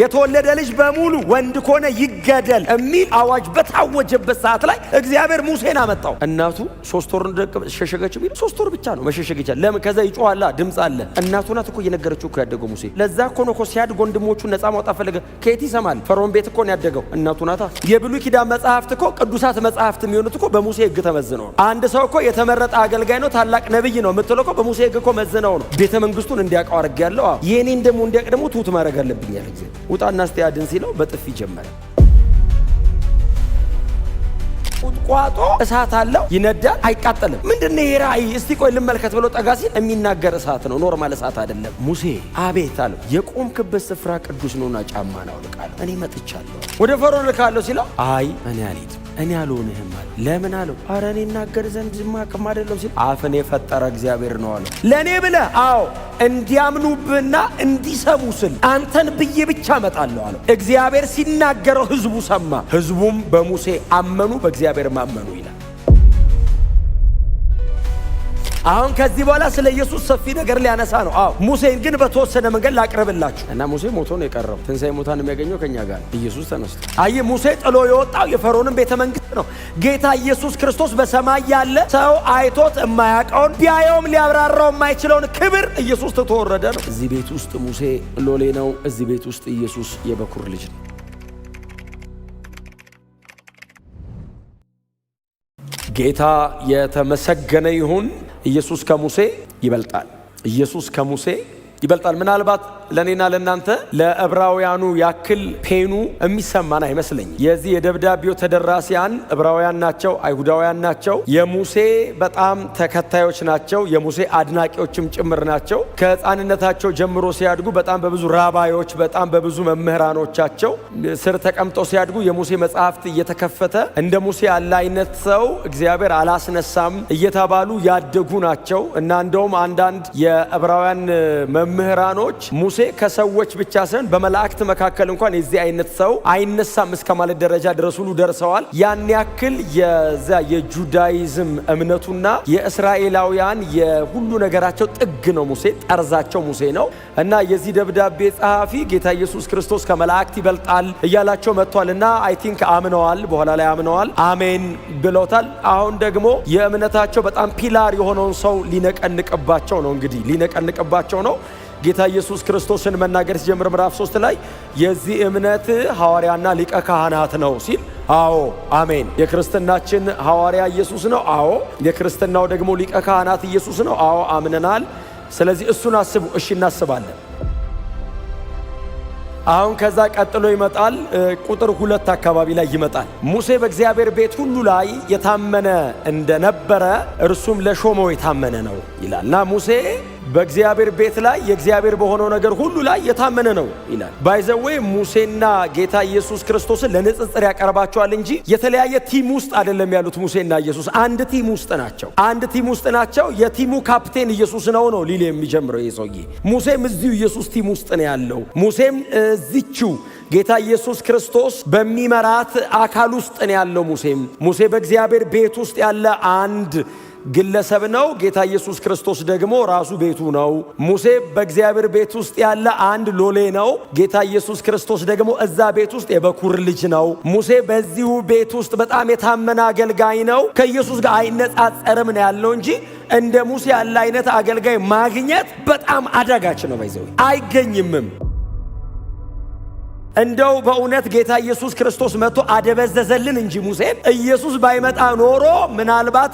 የተወለደ ልጅ በሙሉ ወንድ ከሆነ ይገደል የሚል አዋጅ በታወጀበት ሰዓት ላይ እግዚአብሔር ሙሴን አመጣው። እናቱ ሶስት ወር ሸሸገች ቢል ሶስት ወር ብቻ ነው መሸሸግ ይቻል። ለምን ከዛ ይጮኋላ ድምፅ አለ። እናቱ ናት እኮ እየነገረችው እኮ ያደገው ሙሴ። ለዛ እኮ ነው እኮ ሲያድግ ወንድሞቹን ነፃ ማውጣት ፈለገ። ከየት ይሰማል? ፈርዖን ቤት እኮ ነው ያደገው። እናቱ ናታ። የብሉይ ኪዳን መጽሐፍት እኮ ቅዱሳት መጽሐፍት የሚሆኑት እኮ በሙሴ ህግ ተመዝነው ነው። አንድ ሰው እኮ የተመረጠ አገልጋይ ነው ታላቅ ነብይ ነው የምትለው እኮ በሙሴ ህግ እኮ መዝነው ነው። ቤተ መንግስቱን እንዲያውቀው አድርጌያለሁ። ይህኔን ደግሞ እንዲያውቅ ደግሞ ቱት ማድረግ አለብኛል እግዚአብሔር ውጣና እስቲ አድን ሲለው በጥፊ ጀመረ። ቁጥቋጦ እሳት አለው፣ ይነዳል፣ አይቃጠልም። ምንድን ይሄ ራእይ? እስቲ ቆይ ልመልከት ብሎ ጠጋ ሲል የሚናገር እሳት ነው፣ ኖርማል እሳት አይደለም። ሙሴ አቤት አለው። የቆምክበት ስፍራ ቅዱስ ነውና ጫማ ነው ልቃለሁ፣ እኔ መጥቻለሁ። ወደ ፈርዖን ልካለሁ ሲለው አይ እኔ አልሄድም እኔ አልሆንህም አለ። ለምን አለው? አረ እኔ እናገር ዘንድ ዝማቅም አይደለም ሲል አፍን የፈጠረ እግዚአብሔር ነው አለው። ለእኔ ብለ አዎ እንዲያምኑብህና እንዲሰሙ ስል አንተን ብዬ ብቻ እመጣለሁ አለው። እግዚአብሔር ሲናገረው ህዝቡ ሰማ። ህዝቡም በሙሴ አመኑ በእግዚአብሔር በእግዚአብሔር ማመኑ ይላል። አሁን ከዚህ በኋላ ስለ ኢየሱስ ሰፊ ነገር ሊያነሳ ነው። አዎ ሙሴን ግን በተወሰነ መንገድ ላቅርብላችሁ እና ሙሴ ሞቶ ነው የቀረው። ትንሣኤ ሙታን የሚያገኘው ከእኛ ጋር ኢየሱስ ተነስቶ። አይ ሙሴ ጥሎ የወጣው የፈርዖንን ቤተ መንግስት ነው። ጌታ ኢየሱስ ክርስቶስ በሰማይ ያለ ሰው አይቶት የማያውቀውን ቢያየውም ሊያብራራው የማይችለውን ክብር ኢየሱስ ትቶ ወረደ ነው። እዚህ ቤት ውስጥ ሙሴ ሎሌ ነው። እዚህ ቤት ውስጥ ኢየሱስ የበኩር ልጅ ነው። ጌታ የተመሰገነ ይሁን። ኢየሱስ ከሙሴ ይበልጣል። ኢየሱስ ከሙሴ ይበልጣል። ምናልባት ለእኔና ለእናንተ ለዕብራውያኑ ያክል ፔኑ የሚሰማን አይመስለኝም። የዚህ የደብዳቤው ተደራሲያን ዕብራውያን ናቸው፣ አይሁዳውያን ናቸው፣ የሙሴ በጣም ተከታዮች ናቸው፣ የሙሴ አድናቂዎችም ጭምር ናቸው። ከሕፃንነታቸው ጀምሮ ሲያድጉ በጣም በብዙ ራባዮች፣ በጣም በብዙ መምህራኖቻቸው ስር ተቀምጠው ሲያድጉ የሙሴ መጽሐፍት እየተከፈተ እንደ ሙሴ ያለ አይነት ሰው እግዚአብሔር አላስነሳም እየተባሉ ያደጉ ናቸው እና እንደውም አንዳንድ የዕብራውያን መምህራኖች ሙሴ ሙሴ ከሰዎች ብቻ ሳይሆን በመላእክት መካከል እንኳን የዚህ አይነት ሰው አይነሳም እስከ ማለት ደረጃ ድረስ ሁሉ ደርሰዋል። ያን ያክል የዛ የጁዳይዝም እምነቱና የእስራኤላውያን የሁሉ ነገራቸው ጥግ ነው ሙሴ፣ ጠርዛቸው ሙሴ ነው እና የዚህ ደብዳቤ ጸሐፊ ጌታ ኢየሱስ ክርስቶስ ከመላእክት ይበልጣል እያላቸው መጥቷል እና አይ ቲንክ አምነዋል። በኋላ ላይ አምነዋል፣ አሜን ብለውታል። አሁን ደግሞ የእምነታቸው በጣም ፒላር የሆነውን ሰው ሊነቀንቅባቸው ነው እንግዲህ ሊነቀንቅባቸው ነው። ጌታ ኢየሱስ ክርስቶስን መናገር ሲጀምር ምዕራፍ ሶስት ላይ የዚህ እምነት ሐዋርያና ሊቀ ካህናት ነው ሲል፣ አዎ አሜን። የክርስትናችን ሐዋርያ ኢየሱስ ነው። አዎ የክርስትናው ደግሞ ሊቀ ካህናት ኢየሱስ ነው። አዎ አምነናል። ስለዚህ እሱን አስቡ። እሺ እናስባለን። አሁን ከዛ ቀጥሎ ይመጣል። ቁጥር ሁለት አካባቢ ላይ ይመጣል። ሙሴ በእግዚአብሔር ቤት ሁሉ ላይ የታመነ እንደነበረ እርሱም ለሾመው የታመነ ነው እና ሙሴ በእግዚአብሔር ቤት ላይ የእግዚአብሔር በሆነው ነገር ሁሉ ላይ የታመነ ነው ይላል። ባይዘዌ ሙሴና ጌታ ኢየሱስ ክርስቶስን ለንጽጽር ያቀርባቸዋል እንጂ የተለያየ ቲም ውስጥ አይደለም ያሉት። ሙሴና ኢየሱስ አንድ ቲም ውስጥ ናቸው። አንድ ቲም ውስጥ ናቸው። የቲሙ ካፕቴን ኢየሱስ ነው ነው ሊል የሚጀምረው ይህ ሰውዬ። ሙሴም እዚሁ ኢየሱስ ቲም ውስጥ ነው ያለው። ሙሴም እዚችው ጌታ ኢየሱስ ክርስቶስ በሚመራት አካል ውስጥ ነው ያለው። ሙሴም ሙሴ በእግዚአብሔር ቤት ውስጥ ያለ አንድ ግለሰብ ነው። ጌታ ኢየሱስ ክርስቶስ ደግሞ ራሱ ቤቱ ነው። ሙሴ በእግዚአብሔር ቤት ውስጥ ያለ አንድ ሎሌ ነው። ጌታ ኢየሱስ ክርስቶስ ደግሞ እዛ ቤት ውስጥ የበኩር ልጅ ነው። ሙሴ በዚሁ ቤት ውስጥ በጣም የታመነ አገልጋይ ነው። ከኢየሱስ ጋር አይነጻጸርም ነው ያለው እንጂ እንደ ሙሴ ያለ አይነት አገልጋይ ማግኘት በጣም አዳጋች ነው። ባይዘው አይገኝምም። እንደው በእውነት ጌታ ኢየሱስ ክርስቶስ መጥቶ አደበዘዘልን እንጂ ሙሴን። ኢየሱስ ባይመጣ ኖሮ ምናልባት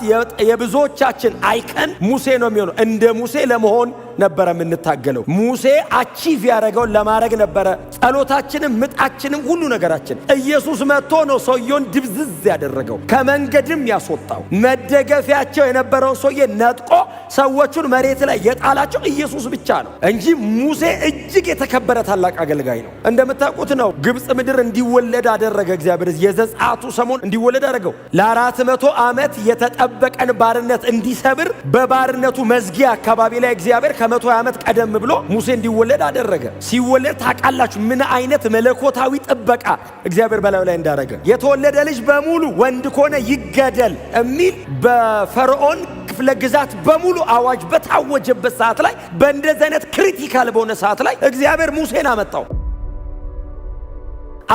የብዙዎቻችን አይከን ሙሴ ነው የሚሆነው። እንደ ሙሴ ለመሆን ነበረ የምንታገለው። ሙሴ አቺቭ ያደረገውን ለማድረግ ነበረ ጸሎታችንም፣ ምጣችንም፣ ሁሉ ነገራችን። ኢየሱስ መጥቶ ነው ሰውየውን ድብዝዝ ያደረገው፣ ከመንገድም ያስወጣው። መደገፊያቸው የነበረውን ሰውዬ ነጥቆ ሰዎቹን መሬት ላይ የጣላቸው ኢየሱስ ብቻ ነው እንጂ ሙሴ እጅግ የተከበረ ታላቅ አገልጋይ ነው። እንደምታውቁት ነው ግብፅ ምድር እንዲወለድ አደረገ እግዚአብሔር። የዘጻቱ ሰሞን እንዲወለድ አደረገው ለአራት መቶ ዓመት የተጠበቀን ባርነት እንዲሰብር በባርነቱ መዝጊያ አካባቢ ላይ እግዚአብሔር ከመቶ ዓመት ቀደም ብሎ ሙሴ እንዲወለድ አደረገ። ሲወለድ ታውቃላችሁ ምን አይነት መለኮታዊ ጥበቃ እግዚአብሔር በላዩ ላይ እንዳደረገ። የተወለደ ልጅ በሙሉ ወንድ ከሆነ ይገደል የሚል በፈርዖን ክፍለ ግዛት በሙሉ አዋጅ በታወጀበት ሰዓት ላይ በእንደዚህ አይነት ክሪቲካል በሆነ ሰዓት ላይ እግዚአብሔር ሙሴን አመጣው።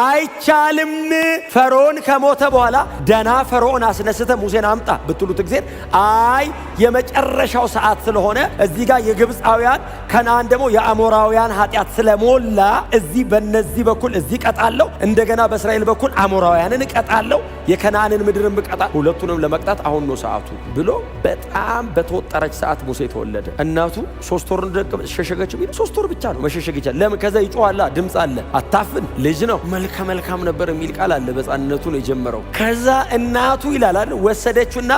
አይቻልም። ፈርዖን ከሞተ በኋላ ደና ፈርዖን አስነስተ ሙሴን አምጣ ብትሉት ጊዜ አይ የመጨረሻው ሰዓት ስለሆነ እዚህ ጋር የግብፃውያን ከነአን ደግሞ የአሞራውያን ኃጢአት ስለሞላ እዚህ በነዚህ በኩል እዚህ ቀጣለው፣ እንደገና በእስራኤል በኩል አሞራውያንን እቀጣለው፣ የከነአንን ምድርን እቀጣ፣ ሁለቱንም ለመቅጣት አሁን ነው ሰዓቱ ብሎ በጣም በተወጠረች ሰዓት ሙሴ ተወለደ። እናቱ ሶስት ወር እንደሸሸገች ሶስት ወር ብቻ ነው መሸሸግ ይቻል። ለምን ከዛ ይጮኋላ ድምፅ አለ አታፍን ልጅ ነው መልከ ከመልካም ነበር የሚል ቃል አለ። በሕፃንነቱ ነው የጀመረው። ከዛ እናቱ ይላላል ወሰደችና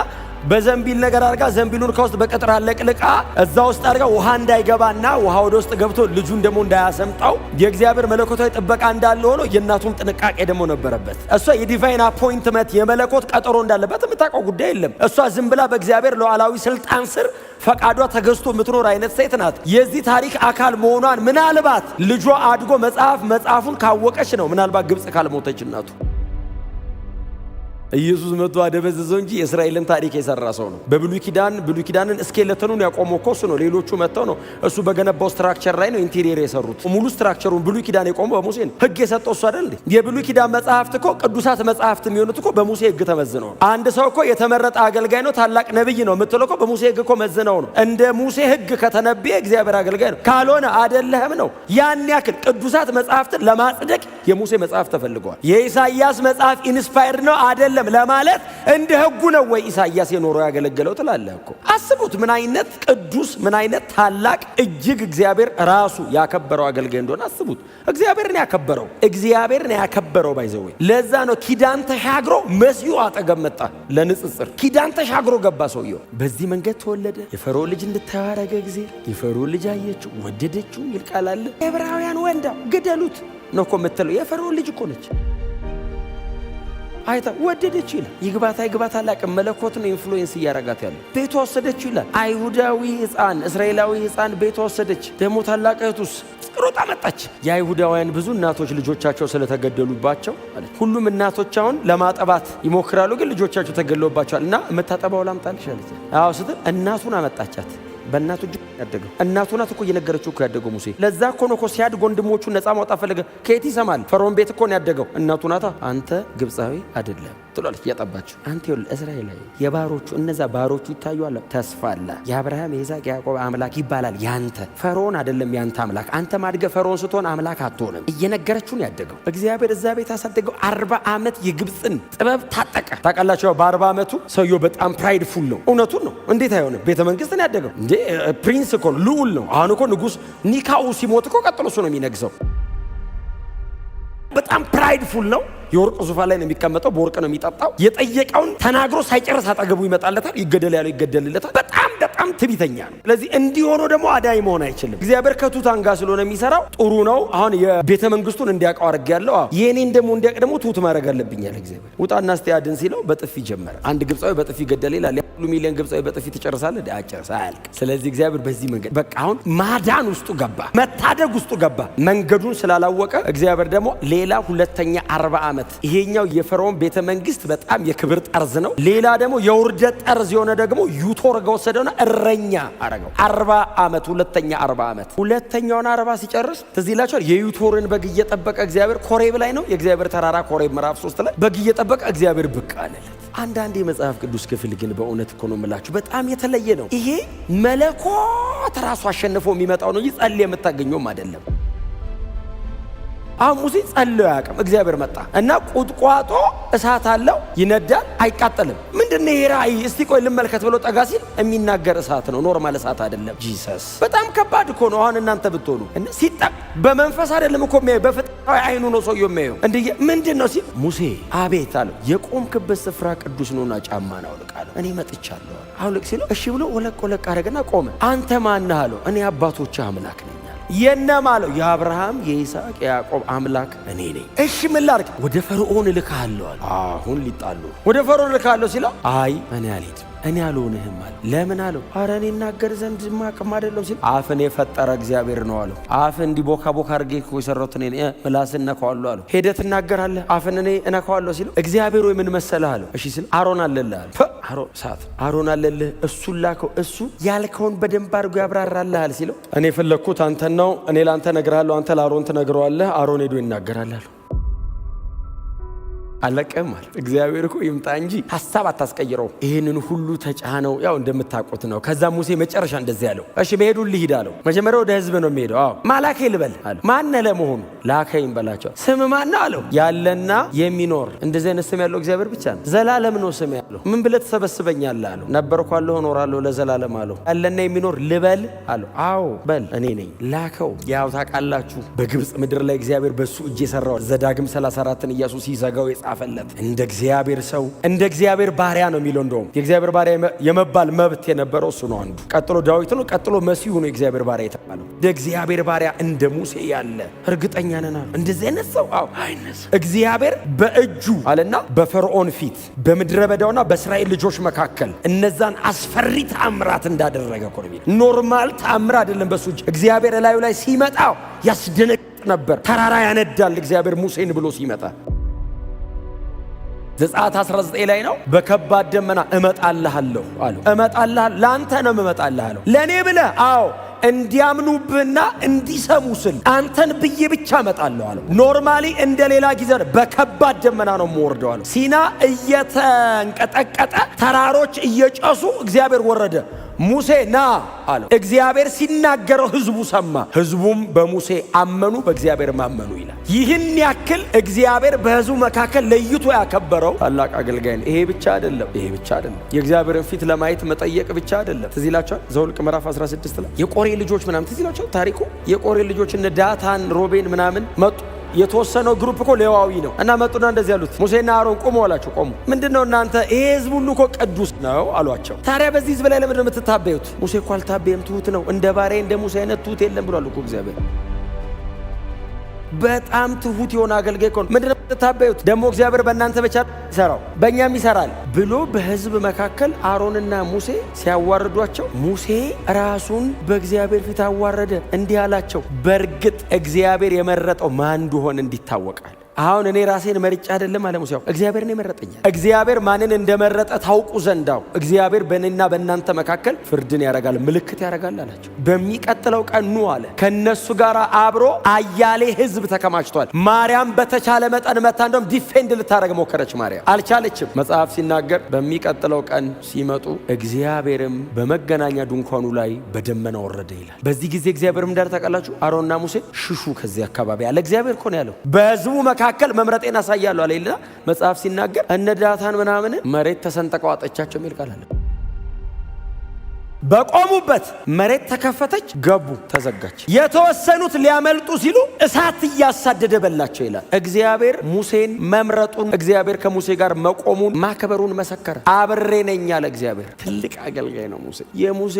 በዘንቢል ነገር አድርጋ ዘንቢሉን ከውስጥ በቅጥር አለቅልቃ እዛ ውስጥ አድርጋ ውሃ እንዳይገባና ውሃ ወደ ውስጥ ገብቶ ልጁን ደግሞ እንዳያሰምጣው የእግዚአብሔር መለኮታዊ ጥበቃ እንዳለ ሆኖ የእናቱም ጥንቃቄ ደግሞ ነበረበት። እሷ የዲቫይን አፖይንትመት የመለኮት ቀጠሮ እንዳለበት የምታውቀው ጉዳይ የለም። እሷ ዝም ብላ በእግዚአብሔር ሉዓላዊ ስልጣን ስር ፈቃዷ ተገዝቶ የምትኖር አይነት ሴት ናት። የዚህ ታሪክ አካል መሆኗን ምናልባት ልጇ አድጎ መጽሐፍ መጽሐፉን ካወቀች ነው ምናልባት ግብፅ ካልሞተች እናቱ ኢየሱስ መጥቶ አደበዘዘው እንጂ የእስራኤልን ታሪክ የሰራ ሰው ነው። በብሉይ ኪዳን ብሉይ ኪዳንን እስኬለተኑን ያቆመው እኮ እሱ ነው። ሌሎቹ መጥተው ነው እሱ በገነባው ስትራክቸር ላይ ነው ኢንቴሪየር የሰሩት። ሙሉ ስትራክቸሩን ብሉይ ኪዳን የቆመው በሙሴ ነው። ህግ የሰጠው እሱ አይደል? የብሉይ ኪዳን መጽሐፍት እኮ ቅዱሳት መጽሐፍት የሚሆኑት እኮ በሙሴ ህግ ተመዝነው ነው። አንድ ሰው እኮ የተመረጠ አገልጋይ ነው፣ ታላቅ ነብይ ነው የምትለው እኮ በሙሴ ህግ እኮ መዝነው ነው። እንደ ሙሴ ህግ ከተነበየ እግዚአብሔር አገልጋይ ነው፣ ካልሆነ አደለህም ነው። ያን ያክል ቅዱሳት መጽሐፍትን ለማጽደቅ የሙሴ መጽሐፍ ተፈልገዋል። የኢሳይያስ መጽሐፍ ኢንስፓየርድ ነው አደለ አይደለም ለማለት እንደ ህጉ ነው ወይ ኢሳያስ የኖረው ያገለገለው ትላለህ እኮ። አስቡት ምን አይነት ቅዱስ ምን አይነት ታላቅ እጅግ እግዚአብሔር ራሱ ያከበረው አገልጋይ እንደሆነ አስቡት። እግዚአብሔርን ያከበረው እግዚአብሔርን ያከበረው ባይዘዌ ለዛ ነው ኪዳን ተሻግሮ መሲሁ አጠገብ መጣ። ለንጽጽር ኪዳን ተሻግሮ ገባ ሰውየው። በዚህ መንገድ ተወለደ የፈሮ ልጅ እንድታያረገ ጊዜ የፈሮ ልጅ አየችው ወደደችው ይልቃል አለ። ዕብራውያን ወንዳ ግደሉት ነው እኮ የምትለው የፈርዖን ልጅ እኮ ነች። አይታ ወደደችው ይላል። ይግባት አይግባት አላቅም። መለኮት ነው ኢንፍሉዌንስ እያረጋት ያለ ቤቷ ወሰደችው ይላል። አይሁዳዊ ሕፃን እስራኤላዊ ሕፃን ቤቷ ወሰደች። ደግሞ ታላቅ እህቱስ ሮጣ መጣች። የአይሁዳውያን ብዙ እናቶች ልጆቻቸው ስለተገደሉባቸው ማለት ሁሉም እናቶች አሁን ለማጠባት ይሞክራሉ፣ ግን ልጆቻቸው ተገድለውባቸዋል እና የምታጠባው ላምጣልሽ አለች። አዎ ስትል እናቱን አመጣቻት። በእናቱ እጅ ያደገው እናቱ ናት እኮ እየነገረችው እኮ ያደገው ሙሴ። ለዛ እኮ ነው እኮ ሲያድግ ወንድሞቹን ነፃ ማውጣት ፈለገ። ከየት ይሰማል? ፈርዖን ቤት እኮ ነው ያደገው። እናቱ ናታ። አንተ ግብፃዊ አይደለም ትሏለች እያጠባቸው። አንተ ይኸውልህ እስራኤላዊ የባሮቹ እነዛ ባሮቹ አለ ተስፋ አለ የአብርሃም የይስሐቅ ያዕቆብ አምላክ ይባላል። ያንተ ፈርዖን አይደለም ያንተ አምላክ። አንተ ማድገ ፈርዖን ስትሆን አምላክ አትሆንም። እየነገረችው ነው ያደገው። እግዚአብሔር እዛ ቤት አሳደገው። አርባ ዓመት የግብፅን ጥበብ ታጠቀ። ታውቃላችሁ በአርባ ዓመቱ ሰውየው በጣም ፕራይድፉል ነው። እውነቱን ነው። እንዴት አይሆንም? ቤተ መንግስት ነው ያደገው እንዴ ፕሪንስ እኮ ልዑል ነው። አሁን እኮ ንጉስ ኒካኡ ሲሞት እኮ ቀጥሎ እሱ ነው የሚነግሰው። በጣም ፕራይድፉል ነው። የወርቅ ዙፋን ላይ ነው የሚቀመጠው፣ በወርቅ ነው የሚጠጣው። የጠየቀውን ተናግሮ ሳይጨርስ አጠገቡ ይመጣለታል። ይገደል ያለው ይገደልለታል። በጣም በጣም ትቢተኛ ነው። ስለዚህ እንዲሆኖ ደግሞ አዳኝ መሆን አይችልም። እግዚአብሔር ከቱታን ጋር ስለሆነ የሚሰራው ጥሩ ነው። አሁን የቤተ መንግስቱን እንዲያውቀው ያለው የእኔን ደግሞ እንዲያውቅ ደግሞ ቱት ማድረግ አለብኛል። እግዚአብሔር ውጣና እስቲ አድን ሲለው በጥፊ ጀመረ። አንድ ግብፃዊ በጥፊ ገደል ይላል። ሁሉ ሚሊዮን ግብፃዊ በጥፊ ትጨርሳለ? አጨርስ አያልቅ። ስለዚህ እግዚአብሔር በዚህ መንገድ በቃ አሁን ማዳን ውስጡ ገባ፣ መታደግ ውስጡ ገባ። መንገዱን ስላላወቀ እግዚአብሔር ደግሞ ሌላ ሁለተኛ አርባ ዓመት። ይሄኛው የፈርዖን ቤተ መንግስት በጣም የክብር ጠርዝ ነው። ሌላ ደግሞ የውርደት ጠርዝ የሆነ ደግሞ ዩቶርጋ ወሰደውና እረኛ አረገው። አርባ ዓመት ሁለተኛ አርባ ዓመት ሁለተኛውን አርባ ሲጨርስ ትዝ ይላቸዋል። የዩቶርን በግ እየጠበቀ እግዚአብሔር ኮሬብ ላይ ነው የእግዚአብሔር ተራራ ኮሬብ ምዕራፍ ሶስት ላይ በግ እየጠበቀ እግዚአብሔር ብቅ አለለት። አንዳንድ የመጽሐፍ ቅዱስ ክፍል ግን በእውነት እኮ ነው የምላችሁ በጣም የተለየ ነው። ይሄ መለኮት ራሱ አሸንፎ የሚመጣው ነው። ጸል የምታገኘውም አይደለም። አሁን ሙሴ ጸልዮ አያውቅም። እግዚአብሔር መጣ እና ቁጥቋጦ እሳት አለው ይነዳል፣ አይቃጠልም። ምንድን ነው ይሄ ራእይ? እስቲ ቆይ ልመልከት ብሎ ጠጋ ሲል የሚናገር እሳት ነው፣ ኖርማል እሳት አይደለም። ጂሰስ በጣም ከባድ እኮ ነው። አሁን እናንተ ብትሆኑ ሲጠቅ በመንፈስ አይደለም እኮ የሚያዩ በፍጥረታዊ አይኑ ነው ሰውየው የሚያየው። እንዲ ምንድን ነው ሲል ሙሴ አቤት አለው። የቆምክበት ስፍራ ቅዱስ ነውና ጫማህን አውልቅ አለው። እኔ መጥቻለሁ አውልቅ ሲለው እሺ ብሎ ወለቅ ወለቅ አደረገና ቆመ። አንተ ማነህ አለው። እኔ አባቶች አምላክ ነኝ የነማ አለው? የአብርሃም የይስሐቅ የያዕቆብ አምላክ እኔ ነኝ። እሺ ምን ላድርግ? ወደ ፈርዖን እልካለሁ አለ። አሁን ሊጣሉ ወደ ፈርዖን እልካለሁ ሲለው አይ እኔ አልሄድም እኔ አልሆንህም አለ። ለምን አለው? አረ እኔ እናገር ዘንድ ማቅም አይደለም ሲል አፍን የፈጠረ እግዚአብሔር ነው አለው። አፍ እንዲህ ቦካ ቦካ አድርጌ እኮ የሰራሁት እኔ ምላስን እነካዋለሁ አለው። ሄደህ ትናገራለህ አፍን እኔ እነካዋለሁ ሲለው እግዚአብሔር ወይ ምን መሰለህ አለው። እሺ ሲል አሮን አለልህ አለ። አሮን ሰዓት አሮን አለልህ እሱን ላከው። እሱ ያልከውን በደንብ አድርጎ ያብራራልሃል ሲለው እኔ የፈለግኩት አንተን ነው። እኔ ለአንተ እነግርሃለሁ፣ አንተ ለአሮን ትነግረዋለህ፣ አሮን ሄዶ ይናገራል አለው። አለቀም አለ እግዚአብሔር እኮ ይምጣ እንጂ ሀሳብ አታስቀይረው። ይህንን ሁሉ ተጫነው። ያው እንደምታውቁት ነው። ከዛ ሙሴ መጨረሻ እንደዚህ ያለው እሺ መሄዱ ልሂድ አለው። መጀመሪያ ወደ ህዝብ ነው የሚሄደው። አዎ ማላከ ልበል አለ። ማነ ለመሆኑ ላከኝ በላቸው። ስም ማን ነው አለው። ያለና የሚኖር እንደዚህ አይነት ስም ያለው እግዚአብሔር ብቻ ነው። ዘላለም ነው ስም ያለው። ምን ብለህ ትሰበስበኛለህ አለው። ነበርኩ አለሁ እኖራለሁ ለዘላለም አለው። ያለና የሚኖር ልበል አለው። አዎ በል እኔ ነኝ ላከው። ያው ታውቃላችሁ በግብፅ ምድር ላይ እግዚአብሔር በሱ እጅ የሰራው ዘዳግም 34ን ኢያሱ ሲዘጋው የተጻፈለት እንደ እግዚአብሔር ሰው እንደ እግዚአብሔር ባሪያ ነው የሚለው። እንደውም የእግዚአብሔር ባሪያ የመባል መብት የነበረው እሱ ነው አንዱ። ቀጥሎ ዳዊት ነው፣ ቀጥሎ መሲሁ ነው የእግዚአብሔር ባሪያ የተባለው። እንደ እግዚአብሔር ባሪያ እንደ ሙሴ ያለ እርግጠኛ ነና እንደዚህ አይነት ሰው አዎ፣ እግዚአብሔር በእጁ አለና በፈርዖን ፊት በምድረ በዳውና በእስራኤል ልጆች መካከል እነዛን አስፈሪ ተአምራት እንዳደረገ ኮርሚ ኖርማል ተአምር አይደለም በሱ እጅ። እግዚአብሔር ላዩ ላይ ሲመጣ ያስደነቅ ነበር። ተራራ ያነዳል እግዚአብሔር ሙሴን ብሎ ሲመጣ ዘጸአት 19 ላይ ነው። በከባድ ደመና እመጣልሃለሁ አለው። እመጣልሃለሁ ለአንተ ነው እመጣልሃለሁ፣ ለእኔ ብለ አዎ እንዲያምኑብህና እንዲሰሙ ስል አንተን ብዬ ብቻ እመጣለሁ አለው። ኖርማሊ እንደ ሌላ ጊዜ በከባድ ደመና ነው የምወርደው አለው። ሲና እየተንቀጠቀጠ ተራሮች እየጨሱ እግዚአብሔር ወረደ። ሙሴ ና አለው። እግዚአብሔር ሲናገረው ህዝቡ ሰማ። ህዝቡም በሙሴ አመኑ፣ በእግዚአብሔር ማመኑ ይላል። ይህን ያክል እግዚአብሔር በህዝቡ መካከል ለይቶ ያከበረው ታላቅ አገልጋይ ነው። ይሄ ብቻ አይደለም፣ ይሄ ብቻ አይደለም። የእግዚአብሔርን ፊት ለማየት መጠየቅ ብቻ አይደለም። ትዝ ይላቸዋል። ዘኍልቍ ምዕራፍ 16 ላይ የቆሬ ልጆች ምናምን ትዝ ይላቸዋል ታሪኩ። የቆሬ ልጆች እነ ዳታን፣ ሮቤን ምናምን መጡ የተወሰነው ግሩፕ እኮ ሌዋዊ ነው እና መጡና እንደዚህ ያሉት ሙሴና አሮን ቁሙ አላቸው። ቆሙ። ምንድን ነው እናንተ ይሄ ህዝብ ሁሉ እኮ ቅዱስ ነው አሏቸው። ታዲያ በዚህ ህዝብ ላይ ለምንድን ነው የምትታበዩት? ሙሴ እኮ አልታበየም፣ ትሁት ነው። እንደ ባሬ እንደ ሙሴ አይነት ትሁት የለም ብሏል እኮ እግዚአብሔር። በጣም ትሁት የሆነ አገልጋይ ከሆነ ምንድን ታበዩት ደግሞ እግዚአብሔር በእናንተ ብቻ ይሰራው በእኛም ይሰራል ብሎ በህዝብ መካከል አሮንና ሙሴ ሲያዋርዷቸው ሙሴ ራሱን በእግዚአብሔር ፊት አዋረደ። እንዲህ አላቸው፣ በእርግጥ እግዚአብሔር የመረጠው ማን እንደሆነ እንዲታወቃል አሁን እኔ ራሴን መርጫ አይደለም አለ ሙሴ። እግዚአብሔር የመረጠኛል። እግዚአብሔር ማንን እንደመረጠ ታውቁ ዘንዳው እግዚአብሔር በእኔና በእናንተ መካከል ፍርድን ያረጋል፣ ምልክት ያረጋል አላቸው። በሚቀጥለው ቀን ኑ አለ። ከነሱ ጋር አብሮ አያሌ ህዝብ ተከማችቷል። ማርያም በተቻለ መጠን መታ እንደም ዲፌንድ ልታደረግ ሞከረች። ማርያም አልቻለችም። መጽሐፍ ሲናገር በሚቀጥለው ቀን ሲመጡ እግዚአብሔርም በመገናኛ ድንኳኑ ላይ በደመና ወረደ ይላል። በዚህ ጊዜ እግዚአብሔር ምዳር ታውቃላችሁ፣ አሮንና ሙሴ ሽሹ ከዚህ አካባቢ አለ። እግዚአብሔር እኮ ነው ያለው በህዝቡ መካ መካከል መምረጤን አሳያለሁ አለ መጽሐፍ ሲናገር እነ ዳታን ምናምን መሬት ተሰንጠቀው አጠቻቸው የሚል ቃል አለ። በቆሙበት መሬት ተከፈተች፣ ገቡ፣ ተዘጋች። የተወሰኑት ሊያመልጡ ሲሉ እሳት እያሳደደ በላቸው ይላል። እግዚአብሔር ሙሴን መምረጡን፣ እግዚአብሔር ከሙሴ ጋር መቆሙን ማክበሩን መሰከረ። አብሬ ነኝ ያለ እግዚአብሔር ትልቅ አገልጋይ ነው ሙሴ። የሙሴ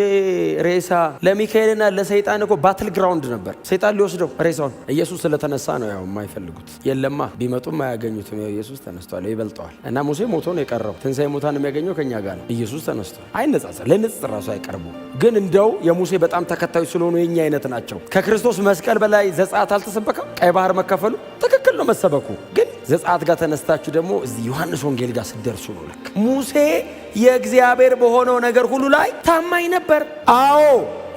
ሬሳ ለሚካኤልና ለሰይጣን እኮ ባትል ግራውንድ ነበር። ሰይጣን ሊወስደው ሬሳውን ኢየሱስ ስለተነሳ ነው ያው የማይፈልጉት። የለማ ቢመጡም አያገኙትም። ኢየሱስ ተነስቷል፣ ይበልጠዋል። እና ሙሴ ሞቶ ነው የቀረው። ትንሣኤ ሙታን የሚያገኘው ከኛ ጋር ነው። ኢየሱስ ተነስቷል። አይነጻጸር ለንጽጽር ራሱ አይቀ አይቀርቡ። ግን እንደው የሙሴ በጣም ተከታዮች ስለሆኑ የኛ አይነት ናቸው። ከክርስቶስ መስቀል በላይ ዘጸአት አልተሰበከም። ቀይ ባህር መከፈሉ ትክክል ነው መሰበኩ። ግን ዘጸአት ጋር ተነስታችሁ ደግሞ እዚህ ዮሐንስ ወንጌል ጋር ስደርሱ ነው ልክ ሙሴ የእግዚአብሔር በሆነው ነገር ሁሉ ላይ ታማኝ ነበር። አዎ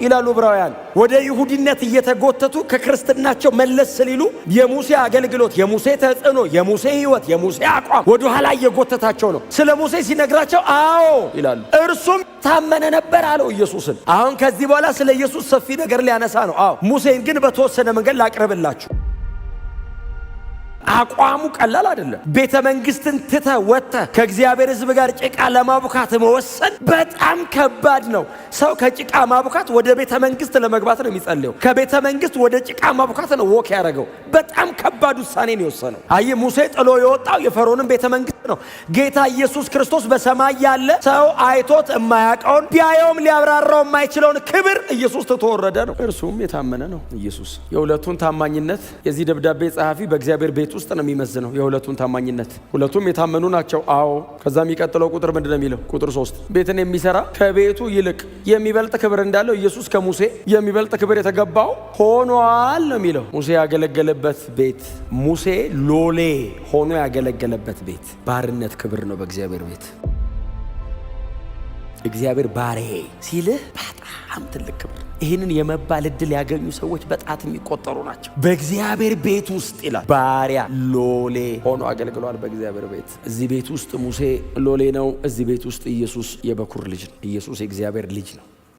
ይላሉ ዕብራውያን። ወደ ይሁዲነት እየተጎተቱ ከክርስትናቸው መለስ ስሊሉ የሙሴ አገልግሎት፣ የሙሴ ተጽዕኖ፣ የሙሴ ሕይወት፣ የሙሴ አቋም ወደኋላ እየጎተታቸው ነው። ስለ ሙሴ ሲነግራቸው አዎ ይላሉ። እርሱም ታመነ ነበር አለው ኢየሱስን። አሁን ከዚህ በኋላ ስለ ኢየሱስ ሰፊ ነገር ሊያነሳ ነው። አዎ ሙሴን ግን በተወሰነ መንገድ ላቅርብላችሁ። አቋሙ ቀላል አይደለም። ቤተ መንግስትን ትተ ወጥተ ከእግዚአብሔር ሕዝብ ጋር ጭቃ ለማቡካት መወሰን በጣም ከባድ ነው። ሰው ከጭቃ ማቡካት ወደ ቤተ መንግስት ለመግባት ነው የሚጸልየው። ከቤተ መንግስት ወደ ጭቃ ማቡካት ነው ወክ ያደረገው። በጣም ከባድ ውሳኔ ነው የወሰነው። አይ ሙሴ ጥሎ የወጣው የፈርዖንን ቤተ መንግስት ነው። ጌታ ኢየሱስ ክርስቶስ በሰማይ ያለ ሰው አይቶት የማያውቀውን ቢያየውም ሊያብራራው የማይችለውን ክብር ኢየሱስ ትቶ ነው። እርሱም የታመነ ነው። ኢየሱስ የሁለቱን ታማኝነት የዚህ ደብዳቤ ጸሐፊ በእግዚአብሔር ቤት ውስጥ ነው የሚመዝነው። የሁለቱን ታማኝነት ሁለቱም የታመኑ ናቸው። አዎ። ከዛ የሚቀጥለው ቁጥር ምንድን ነው የሚለው? ቁጥር ሶስት ቤትን የሚሰራ ከቤቱ ይልቅ የሚበልጥ ክብር እንዳለው ኢየሱስ ከሙሴ የሚበልጥ ክብር የተገባው ሆኗል ነው የሚለው። ሙሴ ያገለገለበት ቤት ሙሴ ሎሌ ሆኖ ያገለገለበት ቤት ባርነት ክብር ነው በእግዚአብሔር ቤት። እግዚአብሔር ባሬ ሲልህ በጣም ትልቅ ክብር። ይህንን የመባል እድል ያገኙ ሰዎች በጣት የሚቆጠሩ ናቸው። በእግዚአብሔር ቤት ውስጥ ይላል ባሪያ ሎሌ ሆኖ አገልግሏል። በእግዚአብሔር ቤት እዚህ ቤት ውስጥ ሙሴ ሎሌ ነው። እዚህ ቤት ውስጥ ኢየሱስ የበኩር ልጅ ነው። ኢየሱስ የእግዚአብሔር ልጅ ነው።